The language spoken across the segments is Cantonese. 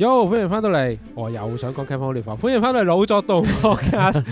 好，Yo, 歡迎翻到嚟，我又想講《King Kong 聯防》，歡迎翻到嚟老作動 cast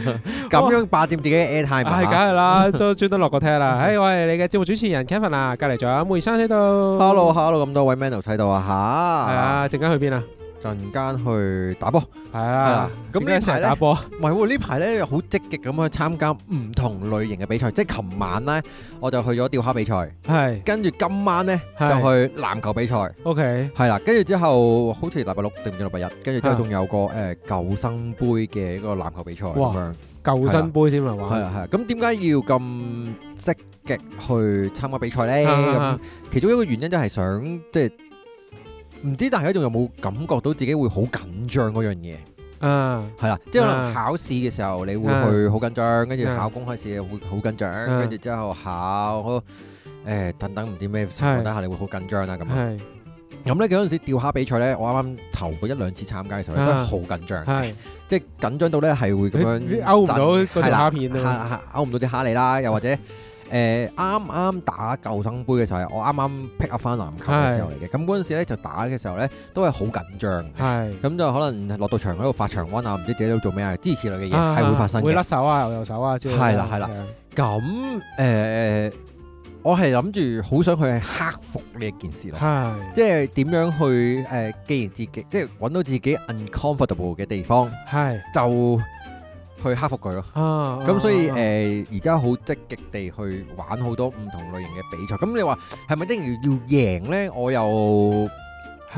咁 樣霸佔自己嘅 air time 啊，梗係啦，都轉得落個廳啦，誒，我係你嘅節目主持人 Kevin 啊，隔離仲有梅生喺度，hello hello，咁多位 man 又睇到啊吓？係啊，陣間 去邊啊？陣間去打波，係啊，咁呢排咧，唔係喎，呢排咧又好積極咁去參加唔同類型嘅比賽。即係琴晚咧，我就去咗釣蝦比賽，係。跟住今晚咧就去籃球比賽，OK，係啦。跟住之後好似禮拜六定唔知禮拜日，跟住之後仲有個誒救生杯嘅一個籃球比賽。哇，救生杯添啊！玩係啊係。咁點解要咁積極去參加比賽咧？咁其中一個原因就係想即係。唔知，但係你仲有冇感覺到自己會好緊張嗰樣嘢？啊，係啦，即係可能考試嘅時候，你會去好緊張，跟住考公開試會好緊張，跟住、啊、之後考誒、欸、等等唔知咩情況底下你會好緊張啦咁。係，咁咧佢嗰陣時釣蝦比賽咧，我啱啱頭嗰一兩次參加嘅時候、啊、都係好緊張，即係、啊、緊張到咧係會咁樣、哎、勾唔到嗰啲蝦片啊，勾唔到啲蝦嚟啦，又或者。誒啱啱打救生杯嘅時候就係我啱啱 pick up 翻籃球嘅時候嚟嘅，咁嗰陣時咧就打嘅時候咧是都係好緊張，咁是就可能落到場嗰度發長瘟啊，唔知自己喺度做咩啊，支持類嘅嘢係會發生嘅、啊啊，會甩手啊，又右手啊，係啦係啦，咁誒、呃、我係諗住好想去克服呢一件事咯，係是，即係點樣去誒、呃，既然自己即係揾到自己 uncomfortable 嘅地方，係是就。去克服佢咯，咁所以誒，而家好積極地去玩好多唔同類型嘅比賽。咁你話係咪一定要贏咧？我又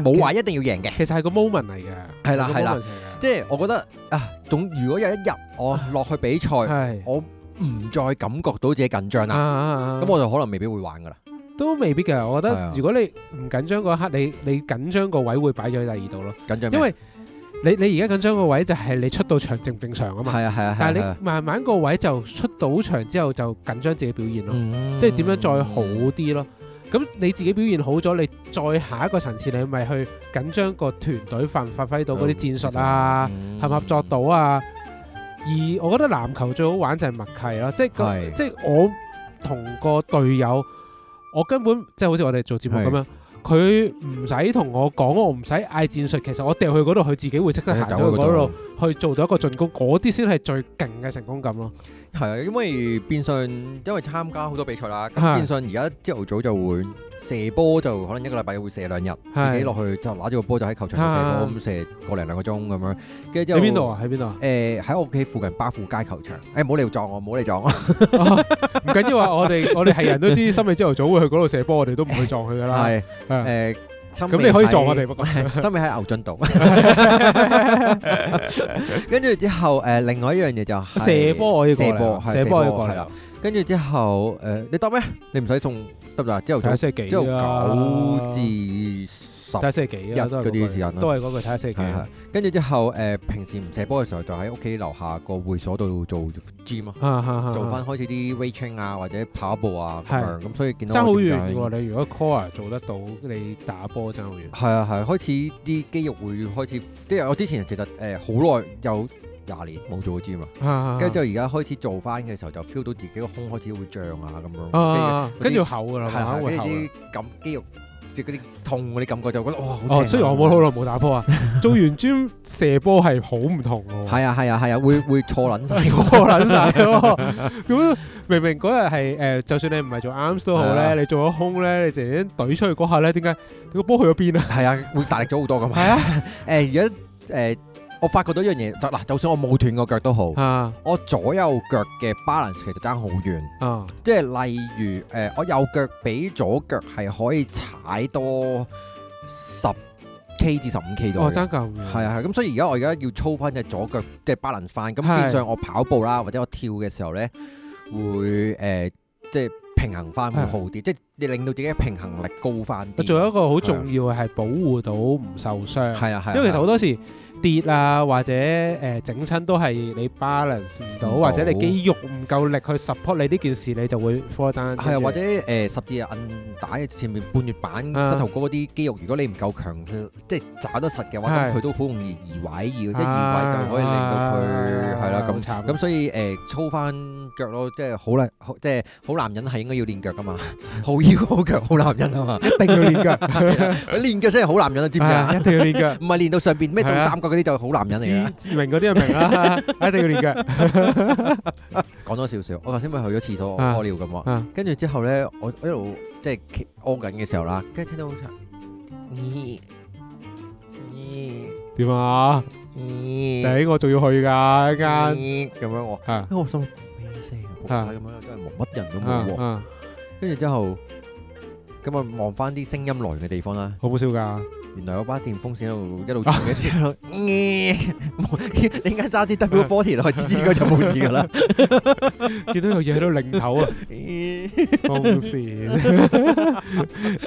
冇話一定要贏嘅。其實係個 moment 嚟嘅，係啦係啦，即係我覺得啊，總如果有一日我落去比賽，我唔再感覺到自己緊張啦，咁我就可能未必會玩噶啦。都未必嘅，我覺得如果你唔緊張嗰一刻，你你緊張個位會擺咗喺第二度咯，緊張因為。你你而家緊張個位就係你出到場正唔正常啊嘛？係啊係啊係啊，但係你慢慢個位就出到場之後就緊張自己表現咯，嗯、即係點樣再好啲咯？咁、嗯、你自己表現好咗，你再下一個層次，你咪去緊張個團隊發發揮到嗰啲戰術啊，嗯嗯、合唔合作到啊？而我覺得籃球最好玩就係默契咯，即係是即係我同個隊友，我根本即係好似我哋做節目咁是樣。佢唔使同我講，我唔使嗌戰術，其實我掉去嗰度，佢自己會識得行到嗰度，去做到一個進攻，嗰啲先係最勁嘅成功感囉。係啊，因為變相因為參加好多比賽啦，咁變相而家朝頭早就會。射波就可能一個禮拜會射兩日，自己落去就拿住個波就喺球場度射波，咁射個零兩個鐘咁樣。跟住之後，喺邊度啊？喺邊度？誒喺我屋企附近巴富街球場。誒唔好嚟撞我，唔好嚟撞我。唔緊要啊，我哋我哋係人都知，森美朝頭早會去嗰度射波，我哋都唔會撞佢噶啦。係誒。咁你可以撞我哋，不過森美喺牛津道。跟住之後誒，另外一樣嘢就射波可以過嚟，射波可以過嚟。跟住之後，誒你得咩？你唔使送得唔得啊？朝頭早，朝頭九至十一嗰啲時間咯，都係嗰個睇下四幾。跟住之後，誒平時唔射波嘅時候，就喺屋企樓下個會所度做 gym 啊，是是是是做翻開始啲 weighting 啊，或者跑步啊咁咁是所以見到爭好遠喎，啊！你如果 core 做得到，你打波爭好遠。係啊係，開始啲肌肉會開始，即係我之前其實誒好耐有。廿年冇做過 gym 啊，跟住而家開始做翻嘅時候，就 feel 到自己個胸開始會脹啊咁樣，跟住厚噶啦，跟住啲咁肌肉啲痛嗰啲感覺，就覺得哇！哦，雖然我冇好耐冇打波啊，做完 gym 射波係好唔同㗎喎。係啊，係啊，係啊，會會錯撚晒。錯撚晒咯。咁明明嗰日係誒，就算你唔係做 arms 都好咧，你做咗胸咧，你直接懟出去嗰下咧，點解你個波去咗邊啊？係啊，會大力咗好多㗎嘛。係啊，誒而家誒。我發覺到一樣嘢，就嗱，就算我冇斷個腳都好，啊、我左右腳嘅 balance 其實爭好遠，啊、即係例如誒、呃，我右腳比左腳係可以踩多十 k 至十五 k 度，我爭夠遠，係啊係，咁所以而家我而家要操翻隻左腳，即係 balance 翻，咁變相我跑步啦或者我跳嘅時候咧，會誒、呃、即係。平衡翻會好啲，即係你令到自己嘅平衡力高翻啲。仲有一個好重要係保護到唔受傷。係啊，因為其實好多時跌啊或者誒整親都係你 balance 唔到，或者你肌肉唔夠力去 support 你呢件事，你就會 fall down，係啊，或者誒，十字韌帶前面半月板，膝頭哥啲肌肉，如果你唔夠強，即係抓得實嘅話，咁佢都好容易移位，要一移位就可以令到佢係啦。咁咁所以誒操翻。腳咯，即係好男，即係好男人係應該要練腳噶嘛，好腰好腳好男人啊嘛，一定要練腳，練腳先係好男人啊，知唔知啊？一定要練腳，唔係練到上邊咩倒三角嗰啲就係好男人嚟啦。自明嗰啲就明啦，一定要練腳。講多少少，我頭先咪去咗廁所屙尿咁啊，跟住之後咧，我一路即係屙緊嘅時候啦，跟住聽到好咦咦點啊？咦，頂，我仲要去噶一間咁樣我係，我心。係啊，咁、嗯、樣真係冇乜人都冇喎、嗯。跟住之後，咁啊望翻啲聲音來源嘅地方啦。好好笑㗎！原來嗰把電風扇喺度一路嘈嘅時候，你依家揸支 WD-40 落去，應該就冇事噶啦。見到有嘢喺度擰頭啊！風扇，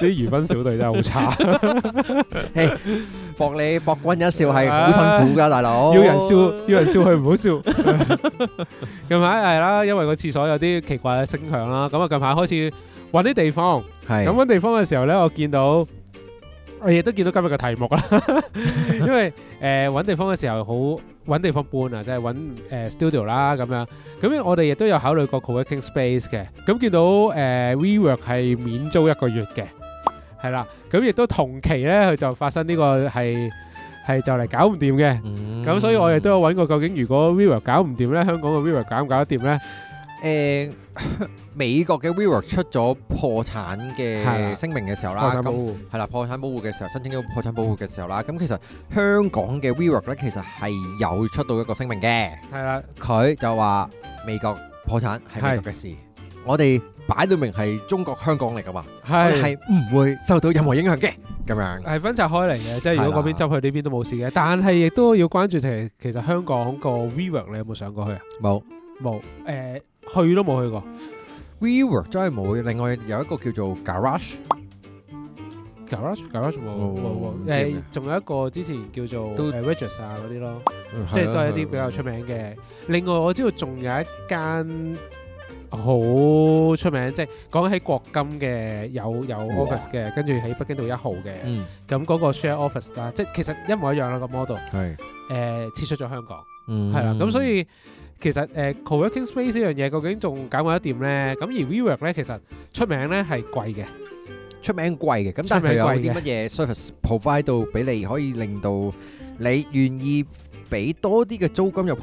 啲娛賓小隊真係好差。博你博君一笑係好辛苦噶，大佬。要人笑，要人笑佢唔好笑。近排係啦，因為個廁所有啲奇怪嘅聲響啦。咁啊，近排開始揾啲地方。係。咁揾地方嘅時候咧，我見到。我亦都見到今日嘅題目啦， 因為誒揾、呃、地方嘅時候好揾地方搬啊，即係揾誒 studio 啦咁樣。咁我哋亦都有考慮過 co-working space 嘅。咁見到誒 WeWork、呃、係免租一個月嘅，係啦。咁亦都同期咧，佢就發生呢個係係就嚟搞唔掂嘅。咁、嗯、所以我亦都有揾過，究竟如果 WeWork 搞唔掂咧，香港嘅 WeWork 搞唔搞得掂咧？誒、欸。美國嘅 WeWork 出咗破產嘅聲明嘅時候啦，咁係啦，破產保護嘅時候，申請咗破產保護嘅時候啦，咁其實香港嘅 WeWork 咧，其實係有出到一個聲明嘅，係啦，佢就話美國破產係美國嘅事，我哋擺到明係中國香港嚟㗎嘛，係唔會受到任何影響嘅，咁樣係分拆開嚟嘅，即係如果嗰邊執佢，呢邊都冇事嘅，但係亦都要關注。其實其實香港個 WeWork 你有冇上過去啊？冇冇誒。去都冇去過，WeWork 真係冇。另外有一個叫做 Garage，Garage，Garage 冇冇。誒仲有一個之前叫做 Regis 啊嗰啲咯，即係都係一啲比較出名嘅。另外我知道仲有一間好出名，即係講緊喺國金嘅有有 office 嘅，跟住喺北京道一號嘅。咁嗰個 Share Office 啦，即係其實一模一樣啦，個 model 係誒撤出咗香港，係啦咁所以。其實誒 co-working space 呢樣嘢究竟仲搞化一點咧？咁而 WeWork 咧，其實出名咧，係貴嘅，出名貴嘅。咁但係有啲乜嘢 service provide 到俾你，可以令到你願意俾多啲嘅租金入去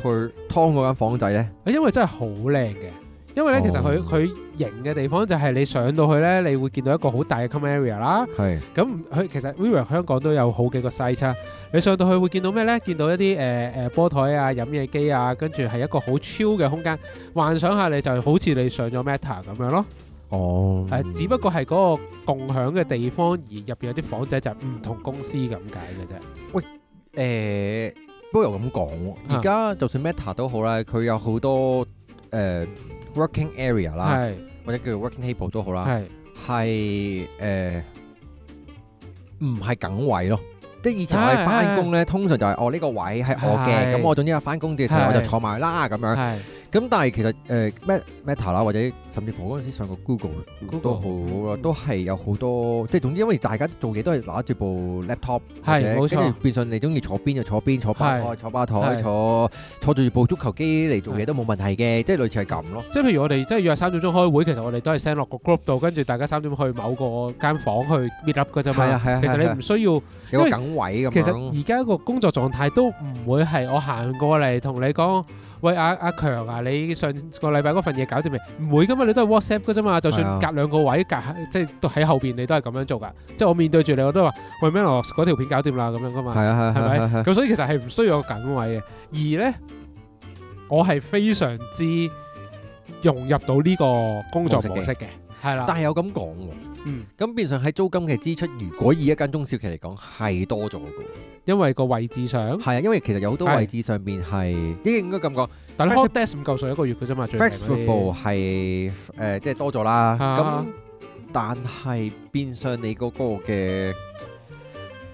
劏嗰間房仔咧？因為真係好靚嘅。因為咧，其實佢佢、oh. 型嘅地方就係你上到去咧，你會見到一個好大嘅 common area 啦是。係咁，佢其實 WeWork 香港都有好幾個 size。你上到去會見到咩咧？見到一啲誒誒波台啊、飲嘢機啊，跟住係一個好 chill 嘅空間。幻想下你就好似你上咗 Meta 咁樣咯。哦，誒，只不過係嗰個共享嘅地方，而入邊有啲房仔就係唔同公司咁解嘅啫。喂，誒、呃，不過又咁講，而家就算 Meta 都好啦，佢有好多誒。呃 working area 啦是，或者叫做 working table 都好啦，係誒是，唔係、呃、梗位咯，即係以前我哋翻工咧， 通常就係、是、哦呢、呢個位係我嘅，咁我是、嗯、總之啊翻工嘅時候是我就坐埋啦咁樣。咁但係其實誒 Meta 啦，呃、Meta，或者甚至乎嗰陣時上過 Google 都好啦，都係有好多即係總之，因為大家做嘢都係攞住部 laptop 嘅啫，跟住變相你中意坐邊就坐邊，坐吧台坐吧台，坐是坐住是部足球機嚟做嘢都冇問題嘅，是即係類似係咁咯。即係譬如我哋即係約三點鐘開會，其實我哋都係 send 落個 group 度，跟住大家三點去某個間房去 meet up 噶啫嘛。係啊係啊，其實你唔需要位、啊啊啊、因為，啊啊、因為其實而家個工作狀態都唔會係我行過嚟同你講。喂，阿阿強啊，你上個禮拜嗰份嘢搞掂未？唔會噶嘛，你都係 WhatsApp 噶啫嘛。就算隔兩個位，隔即係喺後邊，你都係咁樣做噶。即係我面對住你，我都話：喂咩落嗰條片搞掂啦？咁樣噶嘛。係啊係係係係。咁所以其實係唔需要有緊位嘅。而呢，我係非常之融入到呢個工作模式嘅。係啦，但係有咁講喎。嗯，咁變相喺租金嘅支出，如果以一間中小企嚟講，係多咗嘅。因為個位置上係啊，因為其實有好多位置上邊係，的應該咁講。但係 office desk 唔夠上一個月嘅啫嘛，最緊要係。flexible 係誒，即係多咗啦。咁、啊、但係變相你嗰個嘅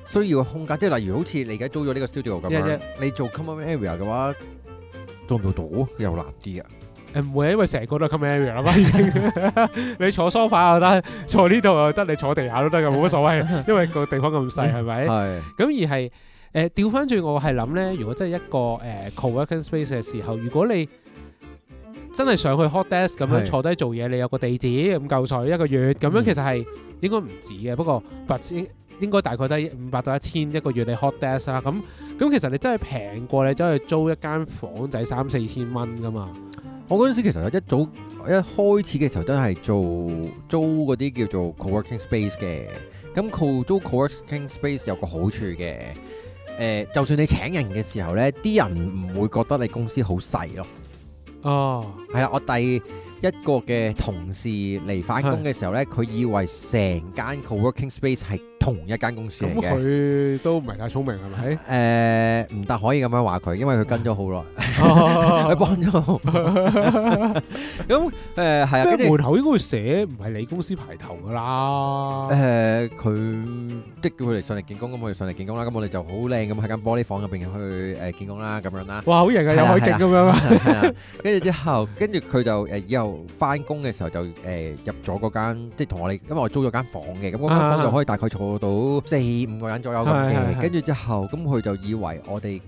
需要嘅空間，即係例如好似你而家租咗呢個 studio 咁樣，yeah, yeah. 你做 common area 嘅話，做唔做到又難啲啊？唔會，因為成個都係 common area 啦嘛， 你坐 sofa 又得，坐呢度又得，你坐地下都得嘅，冇乜所謂。因為個地方咁細，係咪？係。咁而係誒調翻轉，呃、我係諗咧，如果真係一個誒 co-working space 嘅時候，如果你真係上去 hot desk 咁樣坐低做嘢，你有個地址咁夠水一個月，咁樣是其實係應該唔止嘅。不過百千應該大概都係五百到一千一個月你 hot desk 啦。咁咁其實你真係平過你走去租一間房仔三四千蚊噶嘛。我嗰陣時其實一早一開始嘅時候都係做租嗰啲叫做 co-working space 嘅，咁、那個、租租 co-working space 有個好處嘅，誒、呃，就算你請人嘅時候呢，啲人唔會覺得你公司好細咯。哦，係啦，我第一個嘅同事嚟返工嘅時候呢，佢是以為成間 co-working space 係。同一間公司嚟嘅，咁佢都唔係太聰明係咪？誒，唔得可以咁樣話佢，因為佢跟咗好耐，佢幫咗好。咁誒係啊，門口應該會寫唔係你公司牌頭㗎啦。誒，佢即叫佢嚟上嚟見工，咁我哋上嚟見工啦。咁我哋就好靚咁喺間玻璃房入邊去誒見工啦，咁樣啦。哇，好型啊，有海景咁樣啊。係啊，跟住之後，跟住佢就誒以後返工嘅時候就誒入咗嗰間，即係同我哋，因為我租咗間房嘅，咁嗰間房就可以大概坐到四五個人左右咁嘅，跟住之後咁佢就以為我哋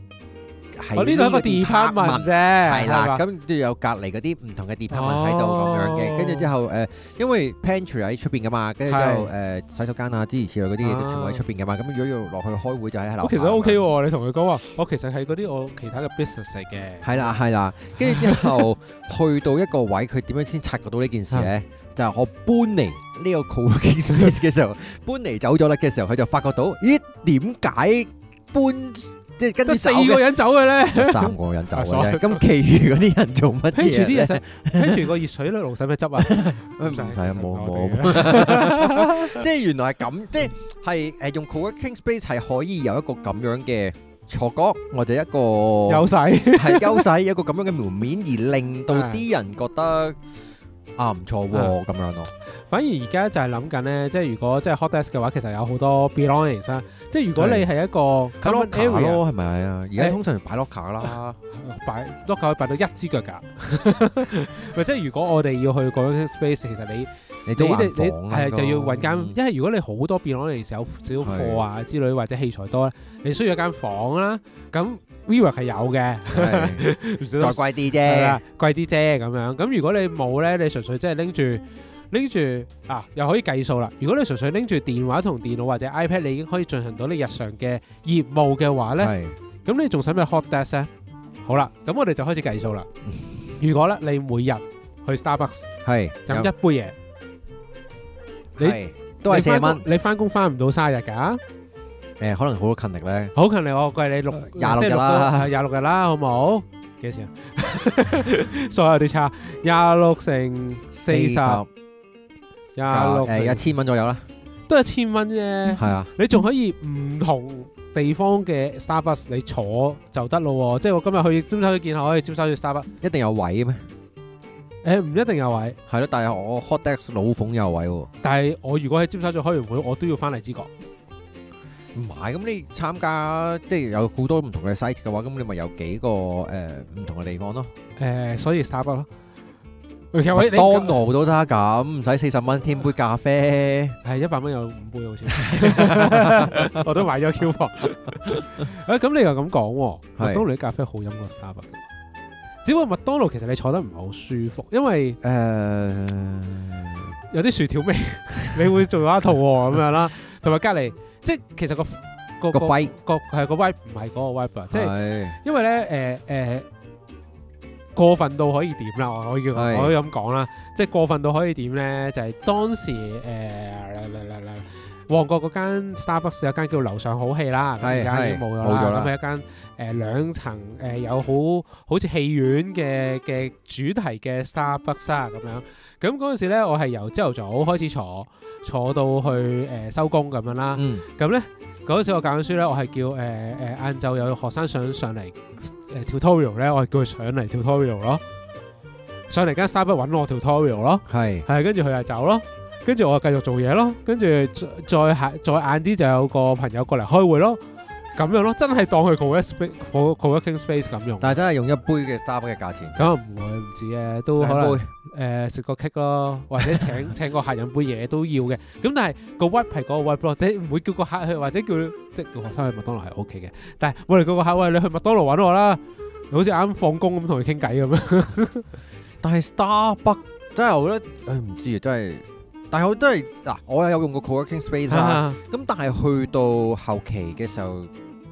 係呢度一個 department 啫，係啦，咁跟住有隔離嗰啲唔同嘅 department 喺度咁樣嘅，跟住之後誒，因為 pantry 喺出邊噶嘛，跟住之後誒洗手間啊諸如此類嗰啲嘢就全部喺出邊噶嘛，咁如果要落去開會就喺樓下。其實都 OK 喎，你同佢講話，我其實係嗰啲我其他嘅 business 嚟嘅。係啦，係啦，跟住之後去到一個位，佢點樣先察覺到呢件事咧？就係我搬嚟呢個 coworking space 嘅時候，搬嚟走咗啦嘅時候，佢就發覺到，咦，點解搬即係跟住四個人走嘅咧？三個人走嘅，咁其餘嗰啲人做乜嘢？拎住啲嘢食，拎住個熱水壺水俾執啊！唔使係啊，冇冇，即係原來係咁，即係係誒用 coworking space 係可以有一個咁樣嘅錯覺，或者一個優勢係優勢，一個咁樣嘅門面而令到啲人覺得。啊，唔錯喎，咁樣咯。反而而家就係諗緊咧，即係如果即係 hot desk 嘅話，其實有好多 belongings。即係如果你係一個，擺 lock 咯，係咪啊？而家通常擺 lock 卡啦，擺 lock 可以擺到一支腳噶。咪即係如果我哋要去嗰種 space，其實你你你你係就要揾間，因為如果你好多 belongings 有少少貨啊之類或者器材多咧，你需要一間房啦，咁。WeWork 係有嘅，是 到再貴啲啫，貴啲啫咁樣。咁如果你冇呢，你純粹即係拎住拎住啊，又可以計數啦。如果你純粹拎住電話同電腦或者 iPad，你已經可以進行到你日常嘅業務嘅話是呢，咁你仲使咩 hot desk 咧？好啦，咁我哋就開始計數啦。嗯、如果咧你每日去 Starbucks 係飲是一杯嘢，你都係四蚊。你翻工翻唔到三日㗎？誒、欸，可能好勤力咧，好勤力我、哦、計你六廿六日啦，廿六、啊、日啦，好冇？幾多錢啊？所有啲差廿六乘四十，廿六誒，一千蚊左右啦，都一千蚊啫。係啊，你仲可以唔同地方嘅 Starbucks 你坐就得咯，嗯、即係我今日去尖沙咀見下可以尖沙咀 Starbucks，一定有位咩？誒、欸，唔一定有位，係咯，但係我 hot desk 老馮有位。但係我如果喺尖沙咀開完會，我都要翻嚟荔枝角。唔買，咁你參加即係有好多唔同嘅 size 嘅話，咁你咪有幾個誒唔、呃、同嘅地方咯？誒、呃，所以 Starbucks 咯，麥當勞都得咁，唔使四十蚊添杯咖啡，係一百蚊有五杯好似。 我都買咗小麥。誒，咁、 啊、你又咁講，麥當勞啲咖啡好飲過 Starbucks 嘅。是只不過麥當勞其實你坐得唔係好舒服，因為誒、呃、有啲薯條味， 你還會做阿痛咁樣啦，同埋隔離。即係其實個個個 fight 個係個威唔係嗰個威啦，即係因為咧誒誒過分到可以點啦，我可以是的 我可以咁講啦，即係過分到可以點咧，就係、係、當時誒、呃、旺角嗰間 Starbucks 有一間叫樓上好戲啦，而家的已經冇啦，咁係一間誒、呃、兩層誒、呃、有好好似戲院嘅嘅主題嘅 Starbucks 啊 star 咁樣，咁嗰陣時咧我係由朝頭早開始坐。坐到去誒收工咁樣啦，咁咧嗰陣時我教緊書咧，我係叫誒誒晏晝有學生想上嚟誒 tutorial 咧，我係叫佢上嚟 tutorial 咯，上嚟間 Starbucks 搵我 tutorial 咯，係，係跟住佢就走咯，跟住我繼續做嘢咯，跟住再下再晏啲就有個朋友過嚟開會咯。咁樣咯，真係當佢 co-working space，co co-working space 咁用。但係真係用一杯嘅 Starbucks 嘅價錢。咁唔會唔知嘅，都可能誒食杯、呃、個 cake 咯，或者請 請個客飲杯嘢都要嘅。咁但係個 wipe 係嗰個 wipe 咯，即唔會叫個客去，或者叫即係叫學生去麥當勞係 OK 嘅。但係我哋嗰個客喂，你去麥當勞揾我啦，好似啱啱放工咁同佢傾偈咁樣。 但係 Starbucks 真係我覺得，誒、哎、唔知啊，真係，但係我真係嗱，我又有用過 co-working space 啦、啊，咁、啊啊、但係去到後期嘅時候。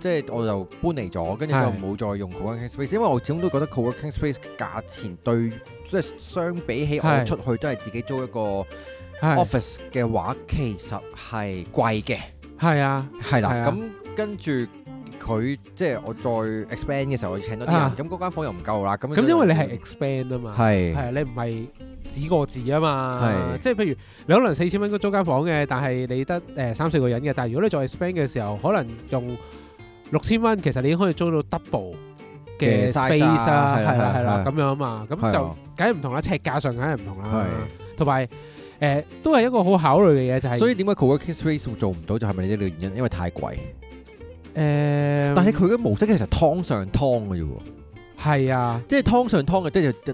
即係我就搬嚟咗，跟住就唔好再用 co-working space，因為我始終都覺得 co-working space 嘅價錢對，即係相比起我出去都係自己租一個 office 嘅話，其實係貴嘅。係啊，係啦。咁跟住佢即係我再 expand 嘅時候，我請多啲人，咁嗰間房又唔夠啦。咁咁因為你係 expand 啊嘛，係係你唔係只個字啊嘛，係即係譬如你可能四千蚊都租間房嘅，但係你得誒三四個人嘅，但係如果你再 expand 嘅時候，可能用。六千蚊，6, 其實你已經可以租到 double 嘅 space 啦、啊，係啦咁樣啊嘛，咁、啊、就梗係唔同啦，尺價上梗係唔同啦，同埋誒都係一個好考慮嘅嘢，就係、是、所以點解 c o w k i n space 做唔到，就係咪呢兩個原因？因為太貴。誒、呃，但係佢嘅模式其實劏上劏嘅啫喎。係、嗯、啊，即係劏上劏嘅，即係即係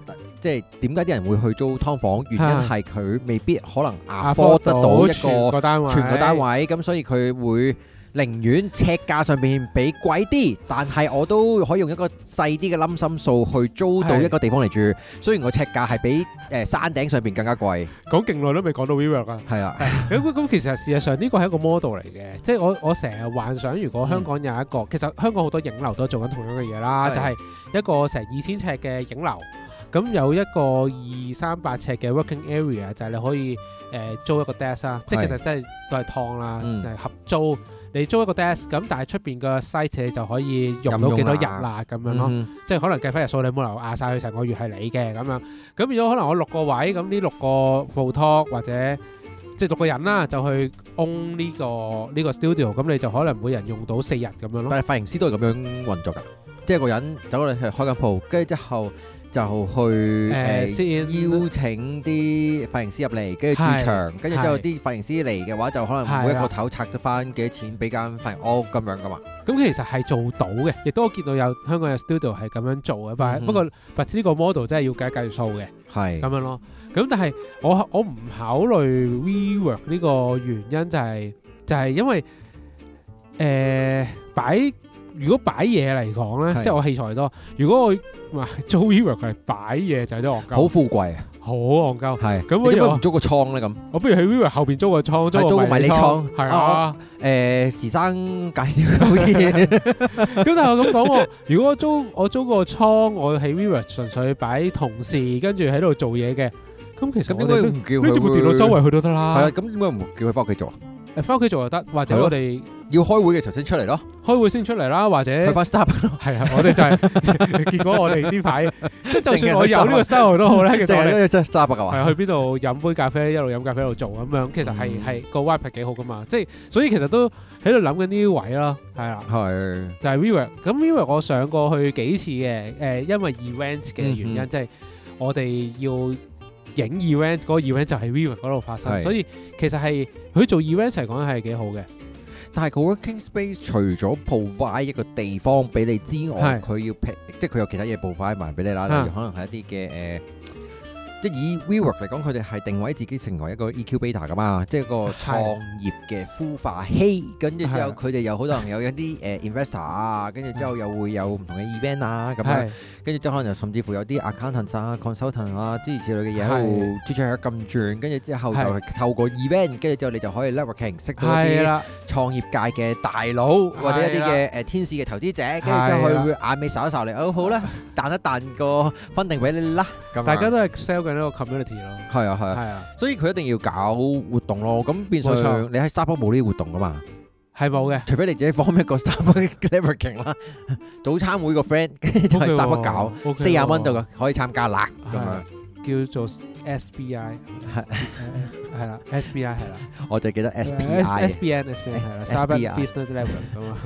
即點解啲人會去租劏房？原因係佢未必可能阿 four 得到一個全個單位，咁所以佢會。寧願尺價上面比貴啲，但係我都可以用一個細啲嘅冧心數去租到一個地方嚟住。對雖然個尺價係比誒山頂上面更加貴。講勁耐都未講到 WeWork 啊。係啦。咁其實事實上呢個係一個 model 嚟嘅，即係我我成日幻想如果香港有一個，嗯、其實香港好多影樓都做緊同樣嘅嘢啦，是就係一個成二千尺嘅影樓，咁有一個二三百尺嘅 working area，就係你可以誒租一個 desk 啦，即係是是其實真係都係劏啦，係、嗯、合租，你租一個 desk 咁，但係出邊個 site 你就可以用到幾多日啦，咁樣咯，嗯、即係可能計翻日數，你冇理由壓曬佢成個月係你嘅咁樣。咁變咗可能我六個位，咁呢六個 foto 或者即係六個人啦，就去 own 呢、這個呢、這個 studio，咁你就可能每人用到四日咁樣咯。但係髮型師都係咁樣運作㗎，即係個人走嚟開間鋪，跟住之後。就去先、uh, sit 邀請啲髮型師入嚟，跟住駐場，跟住之後啲髮型師嚟嘅話，的就可能每一個頭拆得翻幾錢發，俾間髮型屋咁樣噶嘛。咁其實係做到嘅，亦都我見到有香港有 studio 係咁樣做嘅，但係、嗯、哼不過，或者呢個 model 真係要計計數嘅，係咁的樣咯。咁但係我我唔考慮 WeWork 呢個原因、就是，就係就係因為誒擺。呃擺如果擺嘢嚟講咧，即係我器材多。如果我租 WeWork 係擺嘢就係都戇鳩，好富貴啊，好戇鳩。係，咁我點解唔租個倉咧咁。我不如喺 WeWork 後邊租個倉，租個迷你倉。係啊，誒時生介紹好嘢。咁但係我咁講喎，如果我租我租個倉，我喺 WeWork 純粹擺同事，跟住喺度做嘢嘅，咁其實點解唔叫佢過嚟。佢部電腦周圍去都得啦。係啊，咁點解唔叫佢返屋企做。誒，翻屋企做又得，或者我哋要開會嘅時候先出嚟咯，開會先出嚟啦，或者去 Starbucks 咯，係啊，我哋就係、是， 結果我哋呢排即係就算我有呢個 style 都好咧， 其實咧即係 Starbucks，係去邊度飲杯咖啡，一路飲咖啡一路做咁樣，其實係係個 vibe 幾好噶嘛，即係所以其實都喺度諗緊呢啲位咯，係啦、啊，係是就係 WeWork 咁 WeWork 我上過去幾次嘅，誒因為 events 嘅原因，即係、嗯嗯、我哋要。影 event 嗰個 event 就係 v i v e a 嗰度發生，是所以其實係佢做 event 嚟講係幾好嘅。但係佢話 working space 除咗 provide 一個地方俾你之外，佢是要，即係佢有其他嘢 provide 埋俾你啦，例如可能係一啲嘅誒。是呃即係以 WeWork 嚟講，佢哋係定位自己成為一個 EQ Beta 㗎嘛，即係個創業嘅孵化器。跟住之後佢哋有好多朋友一啲誒 Investor 啊，跟住之後又、啊、會有唔同嘅 Event 啊咁樣，跟住即係可能就甚至乎有啲 Accountant 啊、Consultant 啊、呃、之類嘅嘢喺度追咁轉，跟住之後就係透過 Event，跟住之後你就，就可以 Networking 識到一啲創業界嘅大佬、啊、或者一啲嘅誒天使嘅投資者。跟住之後佢會眼尾睄一睄嚟哦好啦，彈一彈個 Funding 俾你啦。咁大家都係 sell 嘅。一個 community 咯，係啊，係啊，啊啊所以佢一定要搞活動咯。咁變相你喺沙坡冇呢啲活動噶嘛？係冇嘅，除非你自己放一個沙坡 leverking 啦，早餐會個 friend 跟住就喺沙坡搞，四廿蚊度嘅可以參加，辣咁樣。叫做 SBI，係係啦，SBI 係啦，我就記得 SBI 嘅。SBN，SBN 係啦，Starbucks business level 係嘛？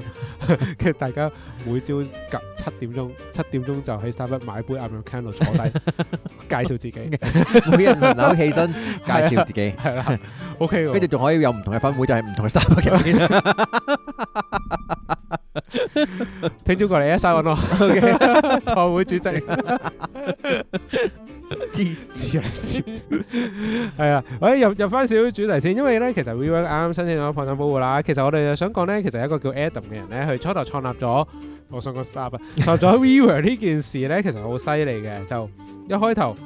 跟住大家每朝隔七點鐘，七點鐘就喺 Starbucks 買杯阿門 can 度坐低，介紹自己，每人輪流起身介紹自己，係啦，OK 喎。跟住仲可以有唔同嘅分會，就喺唔同嘅 Starbucks 入面。聽朝過嚟，一三揾我，賽 Okay, 會主席， 支持係啊，喂，入入翻少少主題先，因為咧，其實 WeWork 啱啱申請咗破產保護啦。其實我哋想講咧，其實有一個叫 Adam 嘅人咧，佢初頭創立咗，我想個 Star 啊，創咗 WeWork 呢件事咧，其實好犀利嘅，就一開頭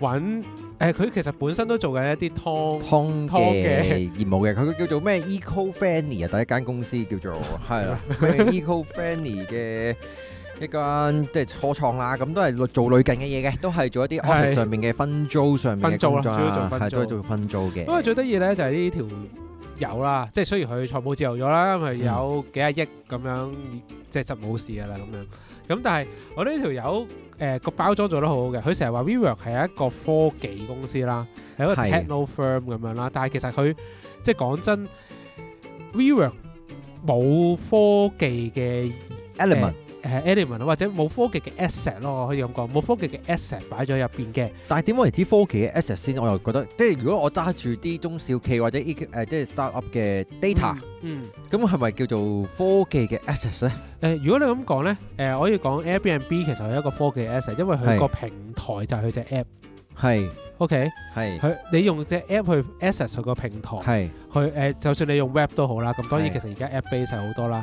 揾。誒佢、欸、其實本身都做緊一啲通湯嘅業務嘅，佢的的叫做咩 EcoFanny 啊，Eco ly，第一間公司叫做係啦，咩 EcoFanny 嘅一間即係初創啦，咁都係做類近嘅嘢嘅，都係做，做一啲 office 上面嘅分租上面嘅工作啦，係都係做分租嘅。不過最得意咧就係呢條。有啦，即係雖然佢財務自由咗啦，因為有幾廿億咁樣，即係就冇事噶啦咁樣。咁但係我呢條友誒個、呃、包裝做得好好嘅，佢成日話 WeWork 係一個科技公司啦，係一個 techno firm 咁樣啦。是但係其實佢即係講真，WeWork 冇科技嘅、呃、element。誒，element 或者冇科技嘅 asset 咯，可以咁講，冇科技嘅 asset 擺咗入邊嘅。但係點講嚟啲科技嘅 asset 先？我又覺得即係如果我揸住啲中小企或者依啲誒，即係 start up 嘅 data，嗯，咁係咪叫做科技嘅 asset 咧？誒，如果你咁講咧，誒，我可以講 Airbnb 其實係一個科技嘅 asset，因為佢個平台就係佢隻 app，係 OK，係佢你用隻 app 去 access 佢個平台，係佢，誒，就算你用 web 都好啦。咁當然其實而家 app base 係好多啦。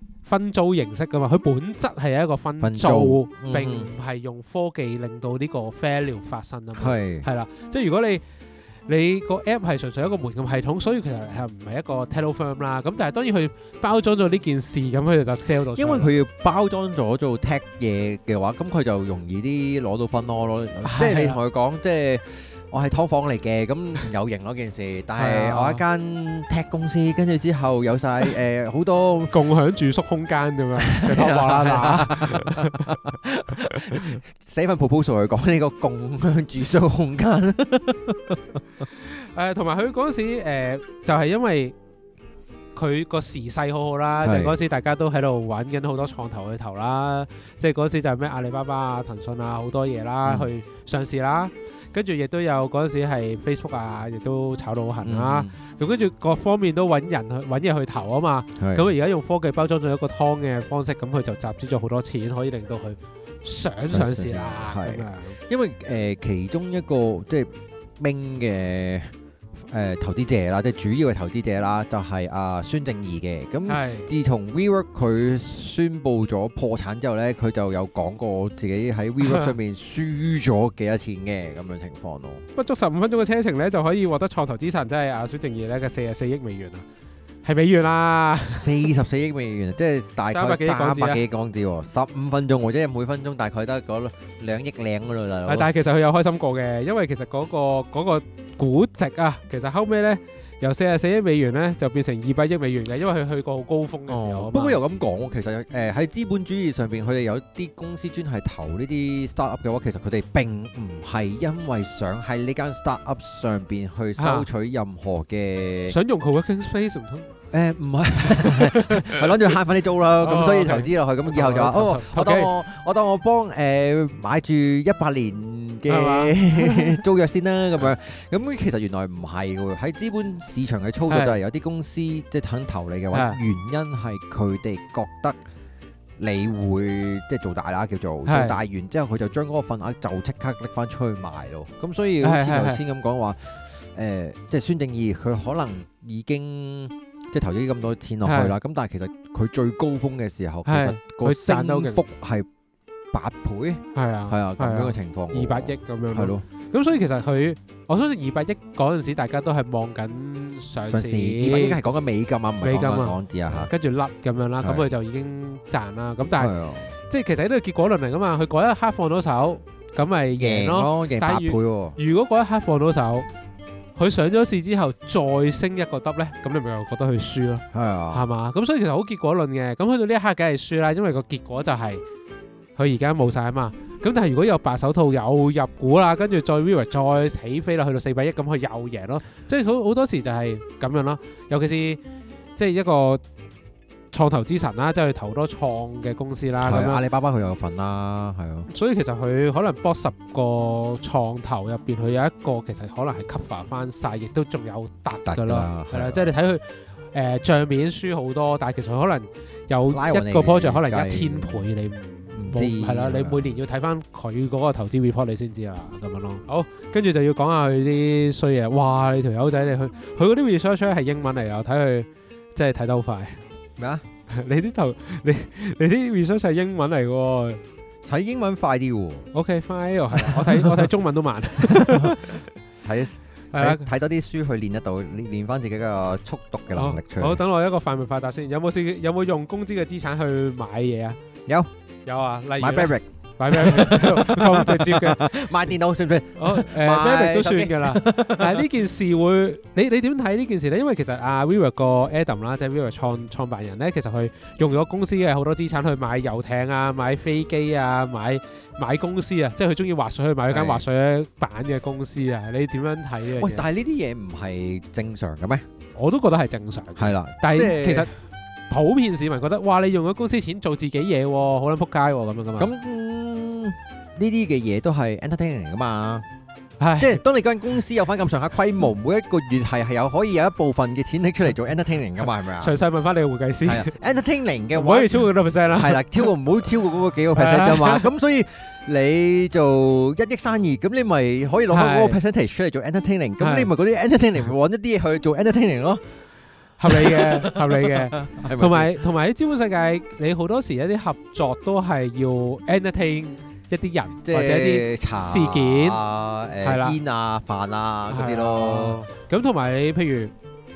分租形式噶嘛，佢本質係一個分租，分租，嗯，並唔係用科技令到呢個 fail 發生啊嘛，係啦是，即係如果你你個 app 係純粹一個門禁系統，所以其實係唔係一個 telephone 啦，咁但係當然佢包裝咗呢件事，咁佢就 sell 到。因為佢要包裝咗做 tech 嘢嘅話，咁佢就容易啲攞到分咯，即係你同佢講即係。我係劏房嚟嘅，咁有型咯件事。但係我一間 tech 公司，跟住之後有曬誒好多共享住宿空間咁樣就劏房啦，寫份 proposal 嚟講呢個共享住宿空間。誒，同埋佢嗰陣時誒，就係因為佢個時勢好好啦。就嗰時大家都喺度揾緊好多創投去投啦，即係嗰時就係咩阿里巴巴啊、騰訊啊好多嘢啦，去上市啦。跟住亦都有嗰陣時係 Facebook 啊，亦都炒到好痕啊！咁、嗯、跟住各方面都揾人去揾嘢去投啊嘛。咁而家用科技包裝咗一個湯嘅方式，咁佢就集資咗好多錢，可以令到佢想上市啊咁樣。是因為誒、呃、其中一個即係兵嘅。誒、呃、投資者啦，即係主要嘅投資者啦，就係、是、阿、啊、孫正義嘅。咁自從 WeWork 佢宣布咗破產之後咧，佢就有講過自己喺 WeWork 上面輸咗幾多錢嘅咁樣情況咯。不足十五分鐘嘅車程咧，就可以獲得創投資產即係阿孫正義咧嘅四十四億美元啊！係美元啦，四十四億美元， 即係大概三百幾港紙，港啊、十五分鐘或者係每分鐘大概得嗰兩億零度啦。但係其實佢有開心過嘅，因為其實嗰、嗰個估、嗰個、值啊，其實後尾咧。由四十四億美元咧，就變成二百億美元嘅，因為佢去過好高峰嘅時候。不過又咁講，其實誒喺、呃、資本主義上邊，佢哋有啲公司專係投呢啲 start up 嘅話，其實佢哋並唔係因為想喺呢間 start up 上邊去收取任何嘅、啊、想用好嘅 space 唔通？唔係、呃，係諗住慳返啲租啦。咁所以投資落去，咁以後就話：哦 Okay. 我我，我當我我當我幫誒、呃、買住一百年。租約先啦，咁樣咁其實原來唔係喎，喺資本市場嘅操作就係有啲公司的即係肯投你嘅話，原因係佢哋覺得你會即係做大啦，叫做的做大完之後，佢就將嗰個份額就即刻拎翻出去賣咯。咁所以好似頭先咁講話，誒、呃、即係孫正義，佢可能已經即係投資咁多錢落去啦。咁的但係其實佢最高峰嘅時候，其實個升幅係。八倍，係啊，係啊，咁樣嘅情況，二百億咁樣係咯。咁所以其實佢，我相信二百億嗰陣時，大家都係望緊上市。二百億係講緊美金啊，唔係港紙啊吓。跟住甩咁樣啦，咁佢就已經賺啦。咁但係，即係其實呢個結果論嚟噶嘛。佢嗰一刻放咗手，咁咪贏咯，贏八倍。如果嗰一刻放咗手，佢上咗市之後再升一個 dot 咧，咁你咪又覺得佢輸咯？係啊，係嘛？咁所以其實好結果論嘅。咁去到呢一刻梗係輸啦，因為個結果就係。佢而家冇晒啊嘛，咁但係如果有白手套又入股啦，跟住再 reveal 再起飛啦，去到四百億咁佢又贏咯，即係好好多時就係咁樣咯。尤其是即係一個創投之神啦，即係投多創嘅公司啦。啊、樣阿里巴巴佢有份啦，係啊。啊所以其實佢可能博十個創投入邊，佢有一個其實可能係 cover 翻曬，亦都仲有突㗎咯。係啦、啊啊，即係你睇佢誒帳面輸好多，但係其實可能有一個 project 可能一千倍你。係啦， 你每年要睇翻佢嗰個投資 report，你先知啦，咁樣咯。好，跟住就要講下佢啲衰嘢。哇，你條友仔，你去佢嗰啲 research 係英文嚟啊！睇佢真係睇得好快。咩啊麼？ 你啲頭，你你啲 research 係英文嚟嘅，睇英文快啲。OK，快哦。係啊，我睇我睇中文都慢。睇 睇 多啲書去練得到，練練翻自己嘅速讀嘅能力出嚟。好，等我一個快問快答先。有冇有冇用工資嘅資產去買嘢啊？有。有啊，例如買 Beric，買 Beric 好直接嘅，買電腦算唔算？哦，Beric 都算嘅啦。但係呢件事會，你你點睇呢件事咧？因為其實阿 WeWork 個 Adam 啦，即係 WeWork 創創辦人咧，其實佢用咗公司嘅好多資產去買遊艇啊，買飛機啊，買買公司啊，即係佢中意滑水，佢買咗間滑水板嘅公司啊。你點樣睇咧？喂，但係呢啲嘢唔係正常嘅咩？我都覺得係正常。係啦，但係其實。普遍市民覺得，哇！你用咗公司錢做自己嘢，好撚撲街喎，咁樣啊嘛。咁呢啲嘅嘢都係 entertaining 嚟噶嘛，即係當你間公司有翻咁上下規模，每一個月係係有可以有一部分嘅錢拎出嚟做 entertaining 噶嘛，係咪啊？詳細問翻你會計師。係 entertaining 嘅話，可以超過幾多 percent 啦。係啦，超過唔好超過嗰個幾個 percent 啫嘛。咁所以你做一億生意，咁你咪可以攞翻嗰個 percentage 出嚟做 entertaining，咁你咪嗰啲 entertaining 揾一啲嘢去做 entertaining 咯。合理嘅，合理嘅。同埋 是，同埋喺資本世界，你好多時一啲合作都係要 entertain 一啲人是或者一啲事件，誒煙啊、飯啊嗰啲咯。咁同埋你譬如，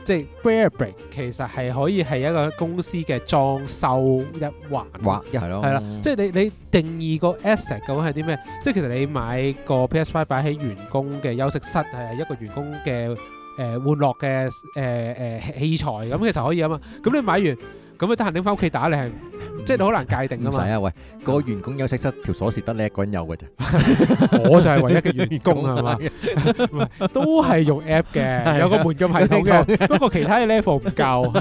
即係 branding 其實係可以係一個公司嘅裝修一環，一環咯。係啦，即係的、就是、你你定義個 asset 咁係啲咩？即、就、係、是、其實你買個 PS5 擺喺員工嘅休息室，係一個員工嘅。誒玩樂嘅誒誒器材，咁其實可以啊嘛，咁你買完，咁你得閒拎翻屋企打，你係，即係你好難界定㗎嘛。唔使啊，喂，個員工休息室條鎖匙得你一個人有嘅啫，我就係唯一嘅員工係嘛，都係用 app 嘅，有個門禁系統嘅，不過其他嘅 level 唔夠，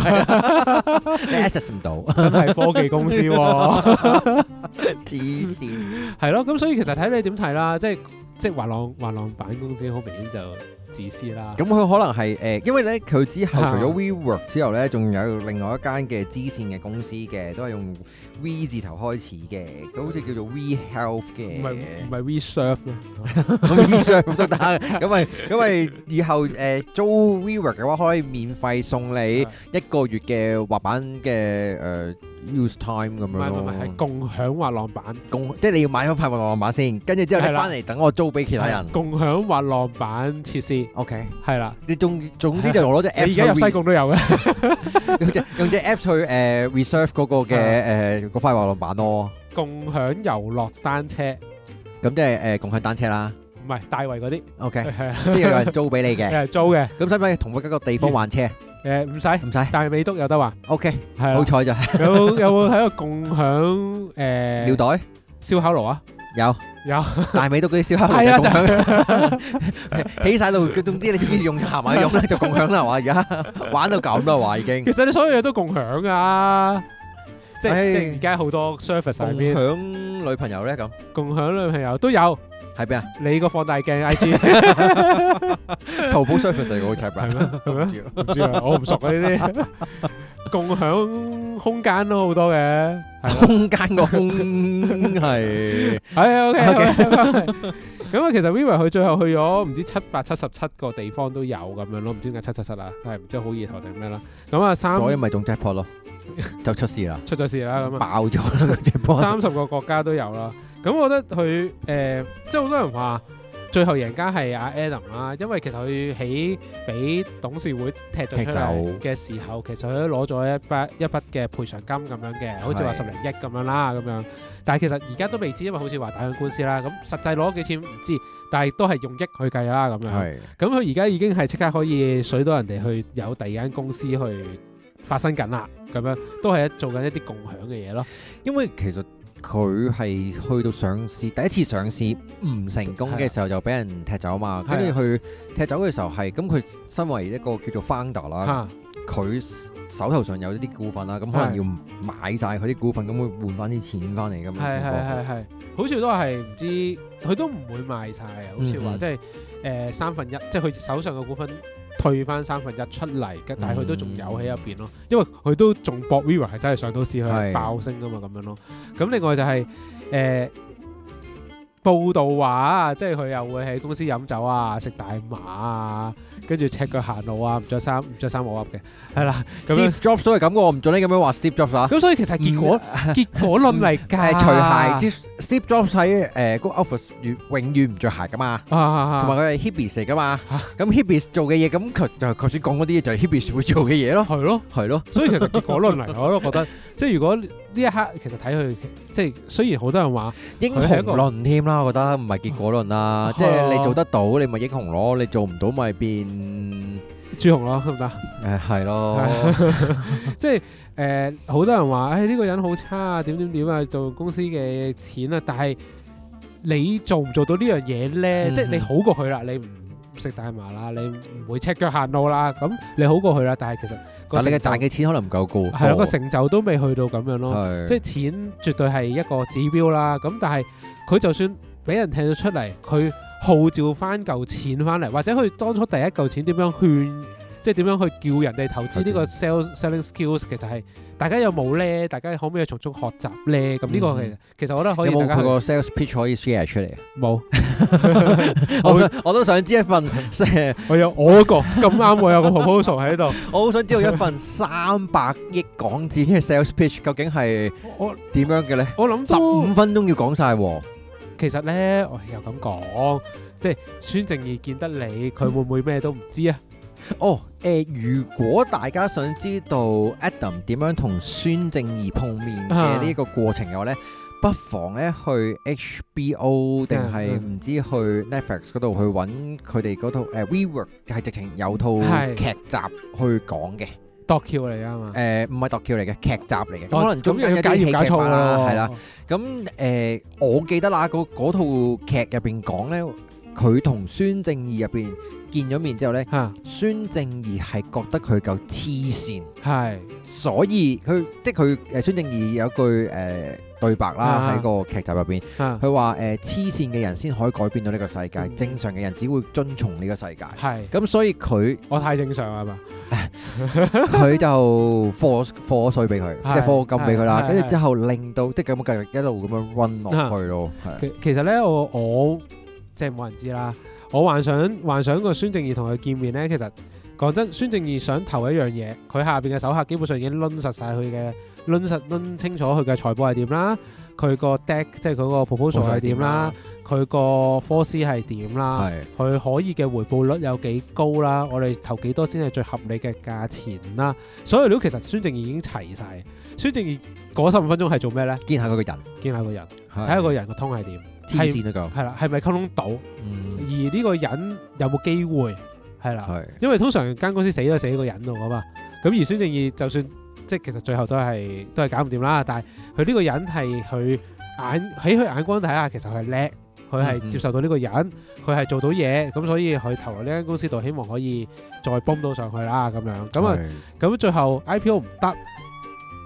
你 access 唔到，真係科技公司喎，黐線，係咯，咁所以其實睇你點睇啦，即係即係滑浪滑浪板公司好明顯就。自私啦，咁佢可能係誒，因為咧佢之後除咗 WeWork 之後咧，仲有另外一間嘅支線嘅公司嘅，都係用 We 字頭開始嘅，佢好似叫做 We Health 嘅，唔係唔係 We Surf 咯，We Surf 都得，咁咪，咁咪以後誒租 WeWork 嘅話，可以免費送你一個月嘅滑板嘅誒 use time 咁樣咯，唔係唔係，係共享滑浪板，共，即係你要買咗塊滑浪板先，跟住之後你翻嚟等我租俾其他人，共享滑浪板設施。O K，係啦，你仲總之就攞隻 app，而家入西貢都有嘅，用隻用隻 app 去誒 reserve 嗰個嘅誒嗰塊滑浪板咯。共享遊樂單車，咁即係誒共享單車啦，唔係大圍嗰啲。O K，係，即係有人租俾你嘅，租嘅。咁使唔使同我一個地方還車？誒唔使，唔使，但係美篤有得還。O K，好彩就係。有有冇喺個共享誒尿袋、燒烤爐啊？有有大尾督嗰啲燒烤共享，起晒路，佢總之你中意用就行埋用啦，就共享啦係嘛？而家玩到咁咯，話已經。其實你所有嘢都共享㗎，即係而家好多 service 上邊。共享女朋友咧咁？共享女朋友都有。喺邊啊？你個放大鏡 IG。淘寶 service 係個好 partner。係咩？唔知啊，我唔熟啊呢啲。共享空間都好多嘅，空間個空係，係 OK OK。咁啊，其實 WeWork 佢最後去咗唔知七百七十七個地方都有咁樣咯，唔知點解七七七啊，係唔知好意頭定咩啦。咁啊，所以咪仲 jet 泊咯， 就出事啦， 出咗事啦，咁樣爆咗啦，三十 個國家都有啦。咁我覺得佢誒、呃，即係好多人話。最後贏家係阿 Adam 啦，因為其實佢喺俾董事會踢咗出嚟嘅時候，Take out. 其實佢都攞咗一筆一筆嘅賠償金咁樣嘅，好似話十零億咁樣啦咁樣。是但係其實而家都未知，因為好似話打緊官司啦，咁實際攞幾錢唔知，但係都係用億去計啦咁樣。咁佢而家已經係即刻可以水到人哋去有第二間公司去發生緊啦，咁樣都係做緊一啲共享嘅嘢咯。因為其實。佢係去到上市，第一次上市唔成功嘅時候就俾人踢走啊嘛。跟住佢踢走嘅時候係，咁佢身為一個叫做 founder 啦、啊，佢手頭上有一啲股份啦，咁、啊、可能要買晒佢啲股份，咁、啊、會換翻啲錢翻嚟咁嘅情況。好似都係唔知，佢都唔會賣晒。啊，啊！好似話、嗯嗯、即係誒、呃、三分一，即係佢手上嘅股份。退翻三分一出嚟，但係佢都仲有喺入邊咯，嗯、因為佢都仲搏 WeWork 係真係上到市去爆升噶嘛，咁樣咯。咁另外就係、是、誒。呃報道話，即係佢又會喺公司飲酒啊，食大麻啊，跟住赤腳行路啊，唔着衫，唔着衫冇笠嘅，係啦，咁樣。Steve Jobs 都係咁嘅，我唔准你咁樣話 Steve Jobs 啊。咁所以其實結果，不 結果論嚟計。係除鞋，Steve Jobs 喺誒、呃、office 永永遠唔着鞋㗎嘛，同埋佢係 Hebe 嚟㗎嘛。咁、啊、Hebe 做嘅嘢，咁就頭先講嗰啲嘢，就係 Hebe 會做嘅嘢咯。係咯，係咯。所以其實結果論嚟，我都覺得，即係如果。呢一刻其實睇佢，即係雖然好多人話英雄論添啦，我覺得唔係結果論啦，啊、即係你做得到你咪英雄咯，你做唔到咪變豬紅咯，得唔得？誒係咯， 即係誒好多人話誒呢個人好差啊，點點點啊，做公司嘅錢啊，但係你做唔做到呢樣嘢咧？嗯、哼即係你好過佢啦，你唔？食大麻啦，你唔會赤腳行路啦，咁你好過去啦。但係其實個，但你嘅賺嘅錢可能唔夠高，係個、哦、成就都未去到咁樣咯。即係的錢絕對係一個指標啦。咁但係佢就算俾人聽咗出嚟，佢號召翻嚿錢翻嚟，或者佢當初第一嚿錢點樣勸，即係點樣去叫人哋投資呢個 sell Okay. selling skills，其實係。大家有冇咧？大家可唔可以從中學習咧？咁呢個其實、嗯、其實我覺得可以有有。有冇佢個 sales pitch 可以 share 出嚟？冇，我我都想知一份。我有我嗰個咁啱，我有個 proposal 喺度。我好想知道一份三百 億港紙嘅 sales pitch 究竟係我點樣嘅咧？我諗十五分鐘要講晒。其實咧，我又咁講，即、就、係、是、孫正義見得你，佢會唔會咩都唔知啊？哦。誒，如果大家想知道 Adam 點樣同孫正義碰面嘅呢個過程嘅話咧，不妨咧去 HBO 定係唔知去 Netflix 嗰度去揾佢哋嗰套誒 WeWork 係直情有套劇集去講嘅。d Doc 嚟啊嘛？誒，唔係 Doc 嚟嘅劇集嚟嘅。可能最近嘅解錯啦，係啦。咁誒，我記得嗱，嗰套劇入邊講咧。佢同孫正義入邊見咗面之後咧，孫正義係覺得佢夠黐線，係，所以佢即係佢誒孫正義有句誒對白啦喺個劇集入邊，佢話誒黐線嘅人先可以改變到呢個世界，正常嘅人只會遵從呢個世界，係。咁所以佢我太正常啦嘛，佢就放放咗水俾佢，即係放金俾佢啦，跟住之後令到即係咁樣繼續一路咁樣 run 落去咯。其實咧，我我。即係冇人知啦！我幻想幻想個孫正義同佢見面咧，其實講真，孫正義想投一樣嘢，佢下邊嘅手下基本上已經攆實曬佢嘅，攆實攆清楚佢嘅財報係點啦，佢個 deck 即係佢個 proposal 係點啦，佢個 four C 係點啦，佢可以嘅回報率有幾高啦，我哋投幾多先係最合理嘅價錢啦。所有料其實孫正義已經齊晒。孫正義嗰十五分鐘係做咩呢？見下佢個人，見下個人，睇下佢個人個通係點。黐線都夠，係啦，係咪溝通到？嗯、而呢個人有冇機會？係啦，是因為通常間公司死都死呢個人度噶嘛。咁而孫正義就算即係其實最後都係都係搞唔掂啦。但係佢呢個人係佢眼喺佢眼光睇下，其實係叻，佢係接受到呢個人，佢係、嗯、哼做到嘢，咁所以佢投入呢間公司度，希望可以再幫到上去啦咁樣。咁啊是，咁最後 IPO 唔得。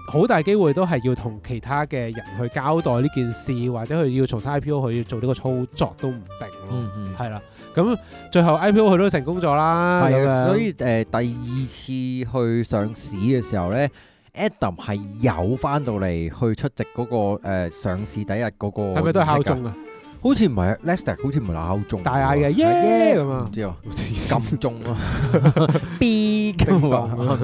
好大機會都係要同其他嘅人去交代呢件事，或者佢要從 IPO 去做呢個操作都唔定咯。係啦、嗯嗯，咁最後 IPO 佢都成功咗啦。係啦，所以誒、呃、第二次去上市嘅時候咧，Adam 係有翻到嚟去出席嗰、那個、呃、上市第一日嗰個係咪都係敲鐘啊？好似唔係啊 Last Day 好似唔係敲鐘，大嗌嘅耶咁啊，唔知好似心中啊，B 級啊。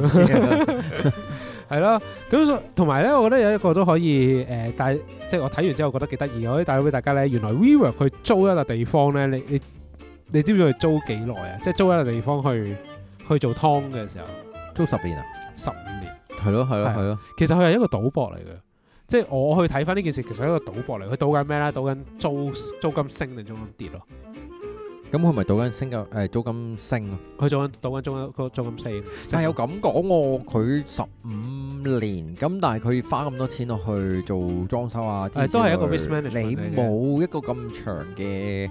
係咯，咁同埋咧，我覺得有一個都可以誒帶，即係我睇完之後覺得幾得意，我可以帶俾大家咧。原來 WeWork 佢租一個地方咧，你你你知唔知佢租幾耐啊？即係租一個地方去去做湯嘅時候，租十年啊，十五年，係咯係咯係咯，其實佢係一個賭博嚟嘅，即係我去睇翻呢件事，其實係一個賭博嚟，佢賭緊咩咧？賭緊租租金升定租金跌咯。咁佢咪賭緊升價？誒，租金升咯，佢做緊賭緊租金個租金升。但有咁講喎，佢十五年咁，但係佢花咁多錢落去做裝修啊，誒都係一個 risk manage。你冇一個咁長嘅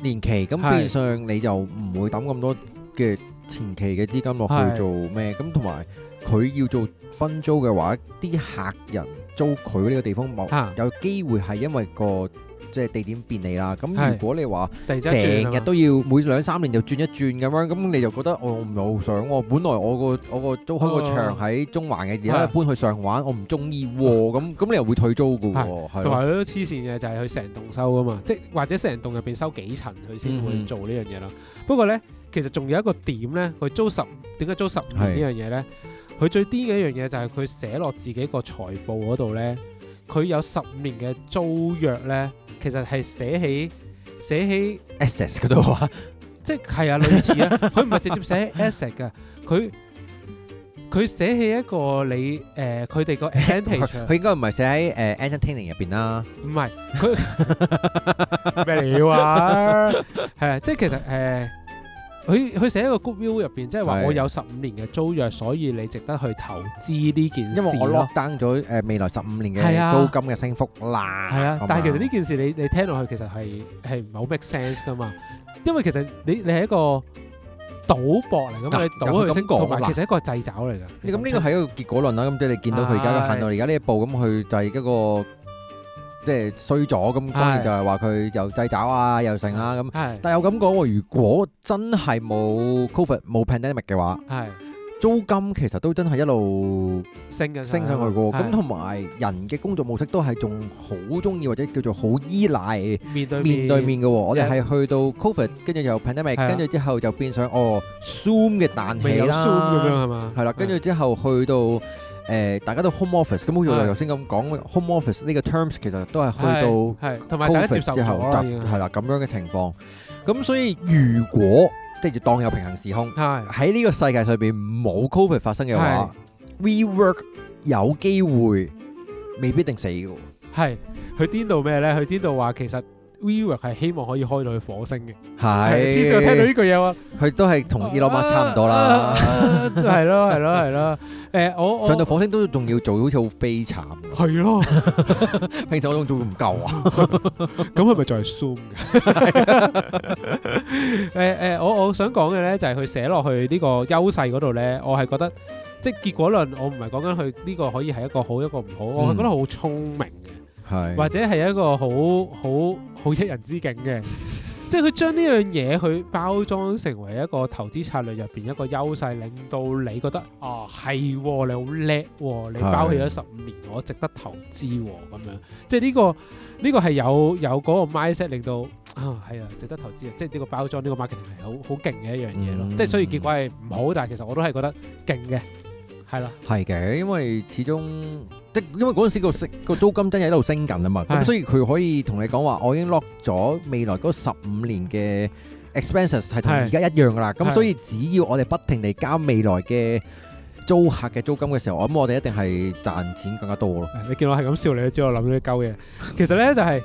年期，咁變相你就唔會抌咁多嘅前期嘅資金落去做咩？咁同埋佢要做分租嘅話，啲客人租佢呢個地方冇，有機會係因為個。即係地點便利啦。咁如果你話成日都要每兩三年就轉一轉咁樣，咁你就覺得、哦、我唔係好想喎。本來我個我個租開個場喺中環嘅，而家搬去上環，我唔中意喎。咁咁你又會退租嘅喎。同埋好多黐線嘢就係佢成棟收噶嘛，即係或者成棟入邊收幾層佢先會去做呢樣嘢咯。嗯、哼不過咧，其實仲有一個點咧，佢租十點解租十五年呢樣嘢咧？佢的最癲嘅一樣嘢就係佢寫落自己個財報嗰度咧，佢有十五年嘅租約咧。其實係寫起寫起 assets 嗰度啊！即係係啊，類似啊，佢唔係直接寫 assets 㗎，佢佢寫起一個你誒佢哋個 entertainment 佢應該唔係寫喺誒 entertainment 入邊啦。唔係佢咩料啊？係啊， 即係其實誒。呃佢佢寫一個 good view 入邊，即係話我有十五年嘅租約，所以你值得去投資呢件事咯。因為我 lock down 咗誒未來十五年嘅租金嘅升幅啦。係啊，啊但係其實呢件事你你聽落去其實係係唔係好 make sense 噶嘛。因為其實你你係一個賭博嚟，咁嘛就，賭佢同埋其實一個掣肘嚟㗎。咁呢個係一個結果論啦。咁即係你見到佢而家嘅行路而家呢一步咁佢就係一個。即係衰咗，咁當然就係話佢又製找啊，又剩啦咁。但係我咁講喎，如果真係冇 Covid 冇 pandemic 嘅話，係租金其實都真係一路升升上去嘅喎。咁同埋人嘅工作模式都係仲好鍾意或者叫做好依賴面對面對面嘅喎。我哋係去到 Covid，跟住又 pandemic，跟住之後就變相哦 zoom 嘅彈起啦，咁樣係嘛？係啦，跟住之後去到。誒，大家都 home office，咁好似我哋頭先咁講 home office 呢個 terms 其實都係去到係同埋第一接受咗啦，係啦咁樣嘅情況。咁所以如果即係當有平行時空，係喺呢個世界上邊冇 covid 發生嘅話，WeWork 有機會未必定死嘅喎。係佢顛到咩咧？佢顛到話其實。WeWork 係希望可以開到去火星嘅，係。之前我聽到呢句嘢話，佢都係同 Elon Musk 差唔多啦，係咯係咯係咯。誒，我上到火星都仲要做好似好悲慘。係咯，平時我仲做唔夠啊。咁係咪仲係 Zoom 嘅？誒誒，我我想講嘅咧，就係佢寫落去呢個優勢嗰度咧，我係覺得即係結果論，我唔係講緊佢呢個可以係一個好一個唔好，我係覺得好聰明嘅。或者係一個好好好一人之境嘅，即係佢將呢樣嘢去包裝成為一個投資策略入邊一個優勢，令到你覺得啊，係，你好叻，你包起咗十五年，的我值得投資咁樣，即係呢個呢個係有有嗰個 mindset 令到啊係啊，值得投資啊，即係呢個包裝呢、這個 marketing 係好好勁嘅一樣嘢咯，嗯、即係所以結果係唔好，但係其實我都係覺得勁嘅，係啦，係嘅，因為始終。即係因為嗰陣時個升個租金真係喺度升緊啊嘛，咁所以佢可以同你講話，我已經 lock 咗未來嗰十五年嘅 expenses 係同而家一樣噶啦，咁所以只要我哋不停哋交未來嘅租客嘅租金嘅時候，我諗我哋一定係賺錢更加多咯。你見我係咁笑，你都知我諗呢啲鳩嘢。其實咧就係，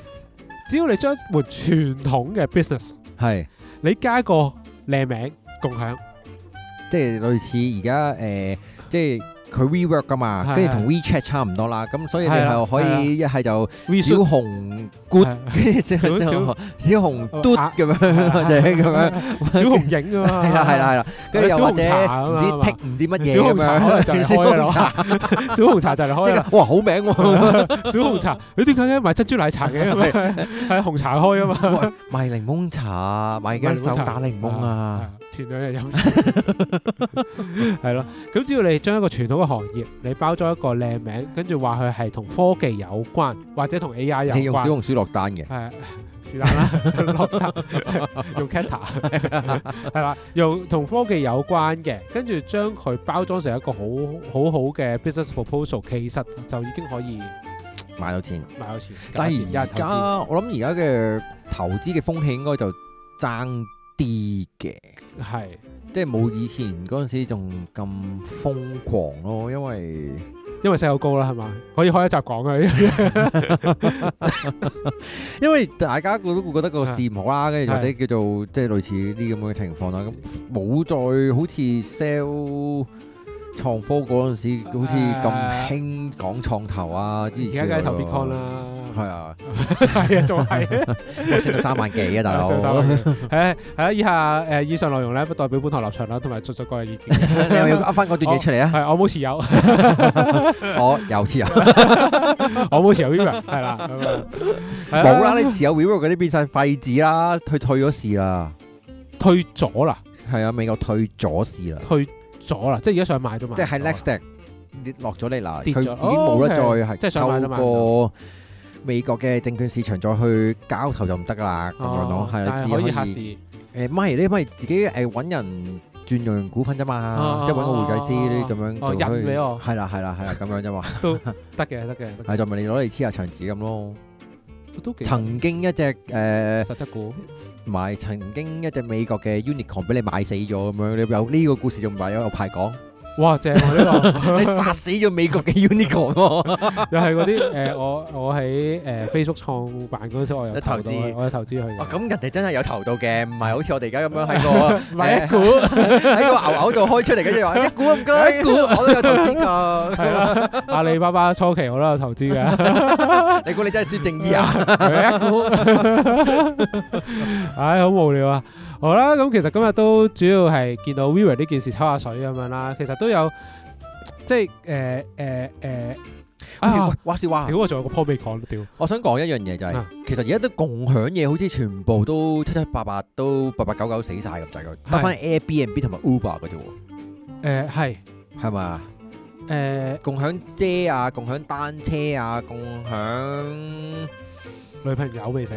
只要你將一門傳統嘅 business 係你加個靚名共享，即係類似而家誒，即係。佢 WeWork 噶嘛，跟住同 WeChat 差唔多啦，咁所以你就可以一係就小紅 Good，跟住之後小紅嘟咁樣，就係咁樣。小紅影啊嘛，係啦係啦係啦，跟住又或者唔知 tick 唔知乜嘢咁樣，小紅茶就嚟開咯。小紅茶就嚟開，哇好名喎！小紅茶，你點解咧賣珍珠奶茶嘅？係紅茶開啊嘛，賣檸檬茶，賣嘅手打檸檬啊。前兩日飲，係咯，咁只要你將一個傳統。行業你包裝一個靚名，跟住話佢係同科技有關，或者同 A. I. 有關。你用小紅書落單嘅係是但啦， 落單用 Cater 係啦，用同 科技有關嘅，跟住將佢包裝成一個好好好嘅 business proposal，其實就已經可以買到錢，買到錢。到錢但而而家我諗而家嘅投資嘅風氣應該就爭啲嘅，係。即係冇以前嗰陣時仲咁瘋狂咯，因為因為 sell 高啦，係嘛？可以開一集講啊， 因為大家個都會覺得個事唔好啦，跟住或者叫做、啊、即係類似啲咁嘅情況啦，咁冇再好似 sell。創科嗰陣時，好似咁興講創投啊！而家梗係投 bitcoin 啦，係是啊，係 啊還是，仲 係升到三萬幾啊！大佬，三萬幾係係啦。以下誒以上內容咧，不代表本台立場啦，同埋盡咗個人意見。你有冇呃翻嗰段嘢出嚟啊？係我冇持有，我有持有， 我冇持有 WeWork，係啦，冇 啦、 啊啊，你持有 WeWork 嗰啲變晒廢紙啦，佢退咗市啦，退咗啦，係啊，美國退咗市啦，退。咗啦，即係而家想買啫嘛？即係喺 Nextec 跌落咗嚟嗱，佢已經冇得再即係透過美國嘅證券市場再去交投就唔得噶啦。咁樣講係可以下市。誒唔係，你咪自己誒揾人轉用股份啫嘛，即係揾個會計師呢咁樣。哦，人嚟哦。係啦，係啦，係啦，咁樣啫嘛。都得嘅，得嘅，係就問你攞嚟黐下牆紙咁咯。曾經一隻誒，唔、呃、係，曾經一隻美國嘅 unicorn 俾你買死咗咁樣，你有呢、呢個故事就唔係有排講？哇！正係、啊、呢、這個， 你殺死咗美國嘅 unicorn 又係嗰啲誒，我我喺誒 Facebook 創辦嗰陣我有投到，我有投資佢。咁人哋真係有投到嘅，唔係好似我哋而家咁樣喺 個喺、欸、 個牛牛度開出嚟嘅，一股唔該，一股 我都有投資㗎、 啊。阿里巴巴初期我都有投資嘅， 你估你真係孫正義啊？一股，唉，好無聊啊！好啦，咁、嗯、其實今日都主要係見到 WeWork 呢件事抽下水咁樣啦，其實。都有即係誒誒誒啊！話事話屌，我仲有個 project 未講屌。我想講一樣嘢，就係、是，其實而家啲共享嘢，好似全部都七七八八都八八九九死晒咁滯嘅，得翻 Airbnb 同埋 Uber 嘅啫是。誒係係咪？誒吧、呃、共享車啊，共享單車啊，共享、呃呃、女朋友未死？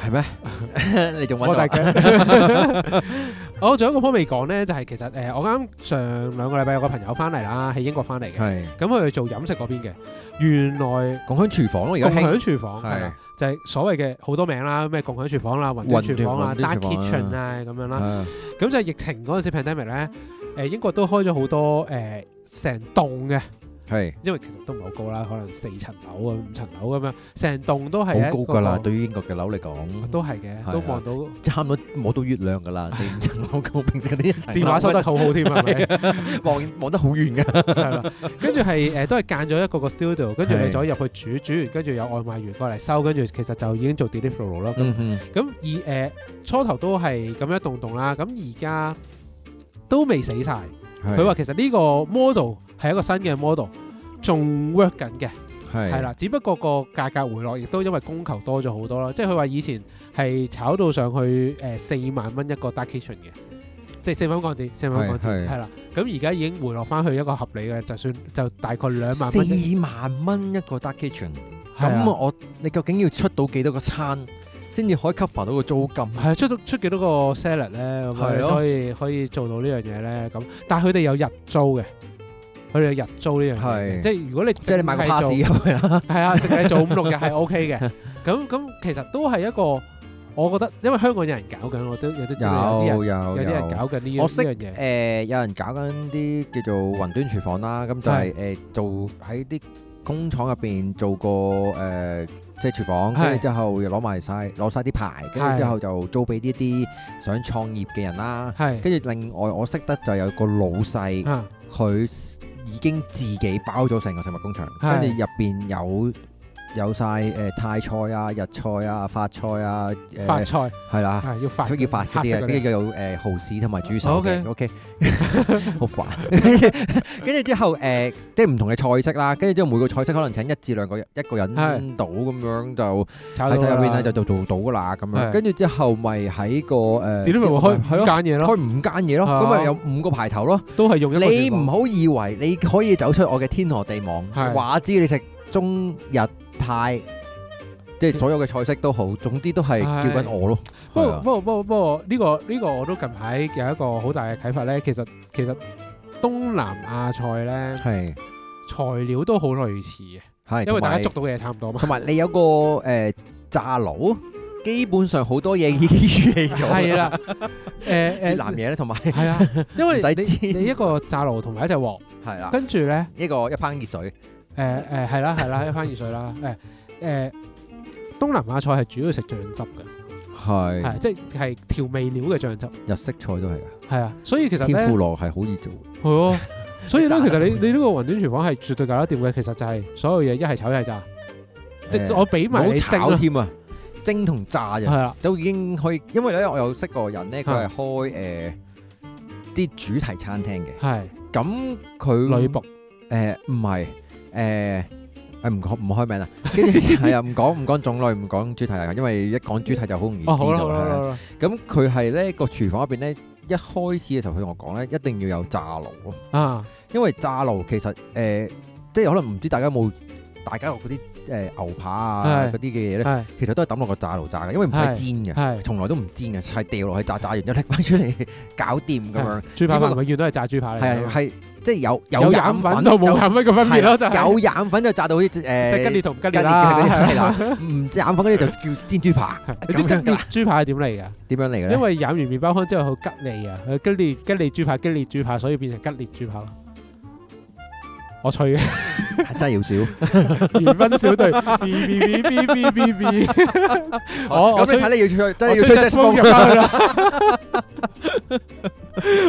係咩？你仲搵到？我仲有一個方面講咧，就係其實誒，我啱上兩個禮拜有個朋友翻嚟啦，喺英國翻嚟嘅。係，咁佢哋做飲食嗰邊嘅，原來共享廚房咯，而家共享廚房係啦，就係所謂嘅好多名啦，咩共享廚房啦、雲廚房啦、大 Kitchen 啊咁樣啦。咁就係疫情嗰陣時 pandemic 咧，誒，英國都開咗好多誒成棟嘅。係，因為其實都唔係好高啦，可能四層樓啊，五層樓咁樣，成棟都係好高噶啦。對於英國嘅樓嚟講，都係嘅，都望到差唔多摸到月亮噶啦，四五層樓高，平時嗰啲電話收得好好添，係咪？望望得好遠嘅，係啦。跟住係誒，都係間咗一個個 studio，跟住你就可以入去煮，煮完跟住有外賣員過嚟收，跟住其實就已經做 delivery 啦。咁咁而誒初頭都係咁樣棟棟啦，咁而家都未死晒。佢話其實呢個 model 係一個新嘅 model。仲 work 緊嘅，係啦的，只不過個價格回落，亦都因為供求多咗好多啦。即係佢話以前係炒到上去誒四、呃、萬蚊一個 dark kitchen 嘅，即係四萬蚊港紙，四萬蚊港紙係啦。咁而家已經回落翻去一個合理嘅，就算就大概兩萬蚊。四萬蚊一個 dark kitchen，咁的我你究竟要出到幾多個餐，先至可以 cover 到個租金？係啊，出到出幾多個 salad 咧，可的以可以做到呢樣嘢咧？咁但係佢哋有日租嘅。佢哋日租呢樣嘢，即係如果你即係你買個 pass 咁樣，係啊，淨係做五六日係 OK 嘅。咁咁其實都係一個，我覺得因為香港有人搞緊，我都有啲有啲人搞緊呢樣嘢。我識嘅誒，有人搞緊啲叫做雲端廚房啦。咁就係誒做喺啲工廠入邊做個誒即係廚房，跟住之後又攞埋曬攞曬啲牌，跟住之後就租俾呢一啲想創業嘅人啦。係，跟住另外我識得就有個老細，佢。已經自己包咗成個食物工場，跟住入邊有。有曬誒泰菜啊、日菜啊、法菜啊，法菜係啦，要法黑色嘅，跟住又有誒蠔豉同埋豬手嘅，O K O K，好煩。跟住之後誒，即係唔同嘅菜式啦。跟住之後每個菜式可能請一至兩個一個人到咁樣，就喺實入面啊就做做到㗎啦咁樣。跟住之後咪喺個誒，點解咪開間嘢咯？開五間嘢咯，咁咪有五個排頭咯，都係用一。你唔好以為你可以走出我嘅天羅地網，話知你食中日。太即係所有嘅菜式都好，總之都係叫緊我咯。唉啊、不過不過不過不過呢、這個呢、這個我都近排有一個好大嘅啟發咧。其實其實東南亞菜咧係、啊、材料都好類似嘅，係、啊、因為大家捉到嘅嘢差唔多嘛。同埋你有個誒、呃、炸爐，基本上好多嘢已經預備咗啦。誒誒難嘢咧，同埋係啊，啊呃、 因為你， 你一個炸爐同埋一隻鑊係啦，啊、跟住咧一個一烹熱水。誒誒係啦係啦，一番熱水啦。誒誒東南亞菜係主要食醬汁嘅，係係是即係調味料嘅醬汁。日式菜都係㗎，係啊，所以其實天婦羅係好易做。係咯，所以咧 好其實你你呢個雲端廚房係絕對搞得掂嘅。其實就係所有嘢一係炒一係炸，炸呃、即我俾埋你炒添啊，蒸同炸嘅係啦，的的都已經可以。因為咧我有識過人咧，佢係開誒啲、呃、主題餐廳嘅，係咁佢女僕，誒唔係。誒誒唔講唔開名啦，跟住係又唔講唔講種類，唔講主題嚟噶，因為一講主題就好容易知道啦。咁佢係咧個廚房入邊咧，一開始嘅時候佢同我講咧，一定要有炸爐咯。啊，因為炸爐其實誒、呃，即係可能唔知大家有冇，大家落嗰啲。誒牛扒啊，嗰啲嘅嘢咧，其實都係抌落個炸爐炸嘅，因為唔使煎嘅，從來都唔煎嘅，係掉落去炸，炸完，一拎翻出嚟搞掂咁樣。豬扒飯永遠都係炸豬扒嚟。係即係有有染粉，冇染粉嘅分別咯，有染粉就炸到好似吉列同吉列。唔染粉嗰啲就叫煎豬扒。豬扒點嚟㗎？點樣嚟㗎？因為染完麪包糠之後好吉利啊！吉列吉列豬扒，吉列豬扒，所以變成吉列豬扒。我， 我吹嘅真係要少，元分小隊，b b b b b 嗶，我咁你睇你要吹，真係要吹啲風入去啦。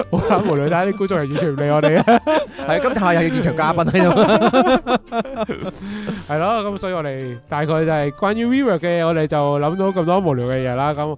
我講無聊啲觀眾係完全唔理我哋嘅、 嗯， 係今次係又要現場嘉賓喺度。係咯，咁所以我哋大概就係關於 WeWork 嘅，我哋就諗到咁多無聊嘅嘢啦，咁。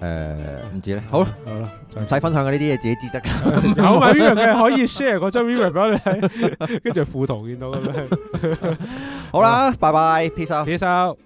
誒，唔知咧，好啦，好啦，就唔使分享嘅呢啲嘢自己知得，㗎，有 v 可以 share 嗰張 view 俾你，跟住副圖見到咁樣，好啦，拜拜，peace out，peace out。